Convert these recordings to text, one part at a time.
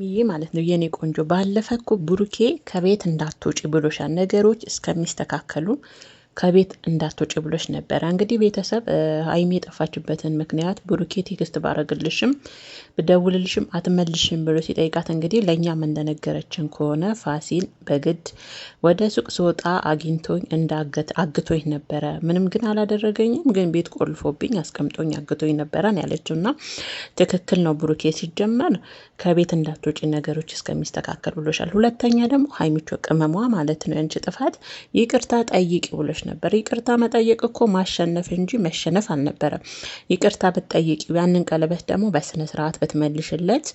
ሚዬ ማለት ነው የኔ ቆንጆ ባለፈ እኮ ብሩኬ ከቤት እንዳትወጪ ብሎሻል። ነገሮች እስከሚስተካከሉ ከቤት እንዳትወጪ ብሎች ነበረ። እንግዲህ ቤተሰብ ሀይሚ የጠፋችበትን ምክንያት ብሩኬ ቴክስት ባረግልሽም ብደውልልሽም አትመልሽም ብሎ ሲጠይቃት እንግዲህ ለእኛም እንደነገረችን ከሆነ ፋሲል በግድ ወደ ሱቅ ስወጣ አግኝቶኝ እንዳገት አግቶኝ ነበረ። ምንም ግን አላደረገኝም፣ ግን ቤት ቆልፎብኝ አስቀምጦኝ አግቶኝ ነበረ ነው ያለችው። እና ትክክል ነው ብሩኬ። ሲጀመር ከቤት እንዳትወጪ ነገሮች እስከሚስተካከል ብሎሻል። ሁለተኛ ደግሞ ሀይሚቾ ቅመሟ ማለት ነው ያንቺ ጥፋት ይቅርታ ጠይቂ ብሎች ነበር። ይቅርታ መጠየቅ እኮ ማሸነፍ እንጂ መሸነፍ አልነበረም። ይቅርታ ብትጠይቂው ያንን ቀለበት ደግሞ በስነ ስርዓት ብትመልሽለት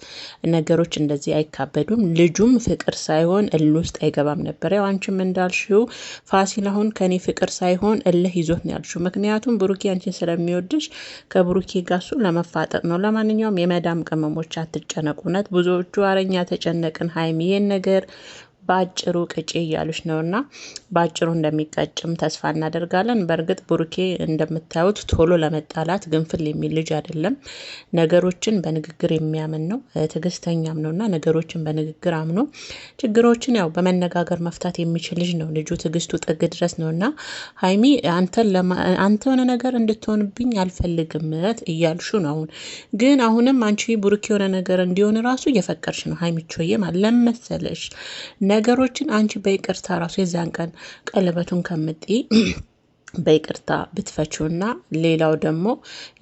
ነገሮች እንደዚህ አይካበዱም። ልጁም ፍቅር ሳይሆን እል ውስጥ አይገባም ነበር። ያው አንቺም እንዳልሽው ፋሲል አሁን ከኔ ፍቅር ሳይሆን እልህ ይዞት ነው ያልሽው። ምክንያቱም ብሩኬ አንቺን ስለሚወድሽ ከብሩኬ ጋር እሱ ለመፋጠጥ ነው። ለማንኛውም የመዳም ቅመሞች አትጨነቁ። እውነት ብዙዎቹ አረኛ ተጨነቅን ሀይሚ ይሄን ነገር በአጭሩ ቅጪ እያሉች ነው እና በአጭሩ እንደሚቀጭም ተስፋ እናደርጋለን። በእርግጥ ቡሩኬ እንደምታዩት ቶሎ ለመጣላት ግንፍል የሚል ልጅ አይደለም። ነገሮችን በንግግር የሚያምን ነው፣ ትዕግስተኛም ነው እና ነገሮችን በንግግር አምኖ ችግሮችን ያው በመነጋገር መፍታት የሚችል ልጅ ነው። ልጁ ትዕግስቱ ጥግ ድረስ ነው እና ሀይሚ አንተ የሆነ ነገር እንድትሆንብኝ አልፈልግም እያልሹ ነው። አሁን ግን አሁንም አንቺ ቡሩኬ የሆነ ነገር እንዲሆን ራሱ እየፈቀድሽ ነው ሀይሚቾዬ ማለት ለመሰለሽ ነገሮችን አንቺ በይቅርታ ራሱ የዚያን ቀን ቀለበቱን ከምጥ በይቅርታ ብትፈችው እና ሌላው ደግሞ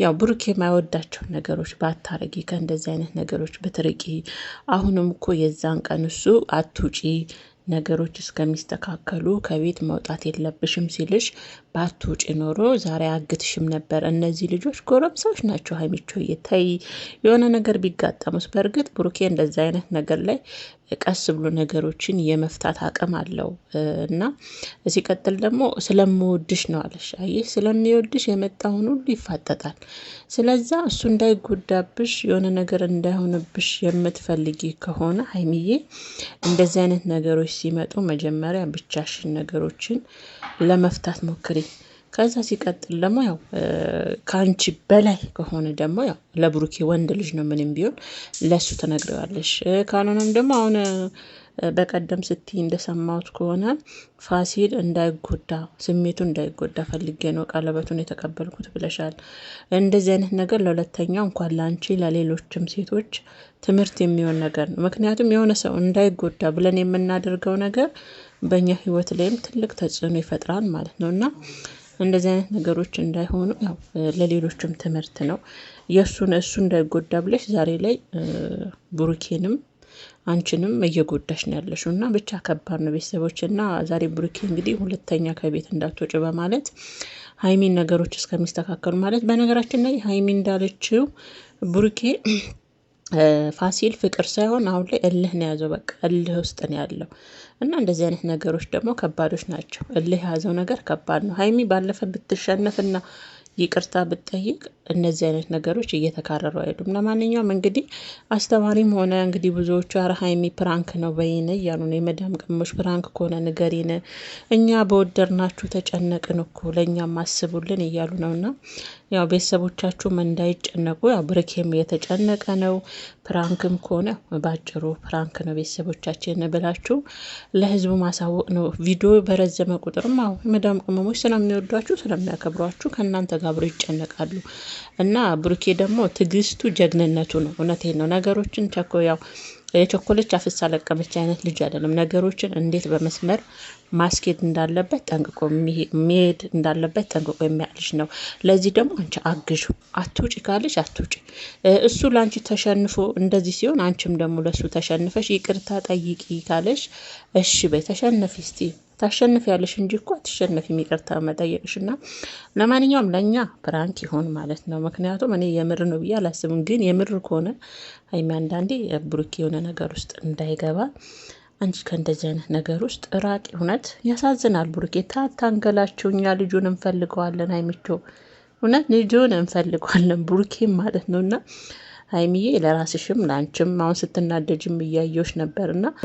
ያው ብሩክ የማይወዳቸው ነገሮች ባታረጊ፣ ከእንደዚህ አይነት ነገሮች ብትርቂ። አሁንም እኮ የዛን ቀን እሱ አትውጪ ነገሮች እስከሚስተካከሉ ከቤት መውጣት የለብሽም ሲልሽ ባትውጪ ኖሮ ዛሬ አግትሽም ነበር። እነዚህ ልጆች ጎረምሳዎች ናቸው። ሀይሚቾ የታይ የሆነ ነገር ቢጋጠሙስ። በእርግጥ ብሩኬ እንደዚ አይነት ነገር ላይ ቀስ ብሎ ነገሮችን የመፍታት አቅም አለው እና ሲቀጥል ደግሞ ስለምወድሽ ነው አለሽ። አየሽ ስለሚወድሽ የመጣውን ሁሉ ይፋጠጣል። ስለዛ እሱ እንዳይጎዳብሽ የሆነ ነገር እንዳይሆንብሽ የምትፈልጊ ከሆነ ሀይሚዬ እንደዚህ አይነት ነገሮች ሲመጡ መጀመሪያ ብቻሽን ነገሮችን ለመፍታት ሞክሪ። ከዛ ሲቀጥል ደግሞ ያው ከአንቺ በላይ ከሆነ ደግሞ ያው ለብሩኬ ወንድ ልጅ ነው ምንም ቢሆን ለሱ ትነግረዋለሽ። ካልሆነም ደግሞ አሁን በቀደም ስትይ እንደሰማሁት ከሆነ ፋሲል እንዳይጎዳ ስሜቱ እንዳይጎዳ ፈልጌ ነው ቀለበቱን የተቀበልኩት ብለሻል። እንደዚህ አይነት ነገር ለሁለተኛው እንኳን ለአንቺ ለሌሎችም ሴቶች ትምህርት የሚሆን ነገር ነው። ምክንያቱም የሆነ ሰው እንዳይጎዳ ብለን የምናደርገው ነገር በእኛ ሕይወት ላይም ትልቅ ተጽዕኖ ይፈጥራል ማለት ነው እና እንደዚህ አይነት ነገሮች እንዳይሆኑ ያው ለሌሎችም ትምህርት ነው። የእሱን እሱ እንዳይጎዳ ብለሽ ዛሬ ላይ ብሩኬንም አንቺንም እየጎዳሽ ነው ያለሽው እና ብቻ ከባድ ነው ቤተሰቦች። እና ዛሬ ብሩኬ እንግዲህ ሁለተኛ ከቤት እንዳትወጭ በማለት ሀይሚን ነገሮች እስከሚስተካከሉ ማለት በነገራችን ላይ ሀይሚ እንዳለችው ብሩኬ ፋሲል ፍቅር ሳይሆን አሁን ላይ እልህ ነው ያዘው። በቃ እልህ ውስጥ ነው ያለው እና እንደዚህ አይነት ነገሮች ደግሞ ከባዶች ናቸው። እልህ የያዘው ነገር ከባድ ነው። ሀይሚ ባለፈ ብትሸነፍና ይቅርታ ብጠይቅ እነዚህ አይነት ነገሮች እየተካረሩ አይሄዱም። ለማንኛውም እንግዲህ አስተማሪም ሆነ እንግዲህ ብዙዎቹ ኧረ ሀይሚ ፕራንክ ነው በይነ እያሉ ነው። የመዳም ቅመሞች ፕራንክ ከሆነ ንገሪን፣ እኛ በወደድናችሁ ተጨነቅን እኮ ለእኛም አስቡልን እያሉ ነው። እና ያው ቤተሰቦቻችሁም እንዳይጨነቁ ያው ብርኬም እየተጨነቀ ነው። ፕራንክም ከሆነ ባጭሩ ፕራንክ ነው ቤተሰቦቻችን ብላችሁ ለህዝቡ ማሳወቅ ነው። ቪዲዮ በረዘመ ቁጥርም አሁ የመዳም ቅመሞች ስለሚወዷችሁ ስለሚያከብሯችሁ ከእናንተ ጋር አብረው ይጨነቃሉ። እና ብሩኬ ደግሞ ትግስቱ ጀግንነቱ ነው። እውነቴን ነው። ነገሮችን ቸኮ ያው የቸኮለች አፍሳ ለቀመች አይነት ልጅ አይደለም። ነገሮችን እንዴት በመስመር ማስኬድ እንዳለበት ጠንቅቆ መሄድ እንዳለበት ጠንቅቆ የሚያልሽ ነው። ለዚህ ደግሞ አንቺ አግዥ። አትውጭ ካለች አትውጭ። እሱ ለአንቺ ተሸንፎ እንደዚህ ሲሆን አንቺም ደግሞ ለእሱ ተሸንፈሽ ይቅርታ ጠይቂ ካለሽ እሺ በይ ተሸነፊ እስቲ ታሸንፍ ያለሽ እንጂ እኮ አትሸነፊም፣ የሚቀርታ መጠየቅሽ እና ለማንኛውም ለእኛ ፕራንክ ይሆን ማለት ነው። ምክንያቱም እኔ የምር ነው ብዬ አላስብም፣ ግን የምር ከሆነ ሀይሚ አንዳንዴ ብሩክ የሆነ ነገር ውስጥ እንዳይገባ አንቺ ከእንደዚህ አይነት ነገር ውስጥ ራቅ። እውነት ያሳዝናል። ብሩኬ ታታንገላቸው። እኛ ልጁን እንፈልገዋለን አይምቾ እውነት ልጁን እንፈልገዋለን ብሩኬ ማለት ነው እና ሀይሚዬ ለራስሽም ለአንቺም አሁን ስትናደጅም እያየሽ ነበር እና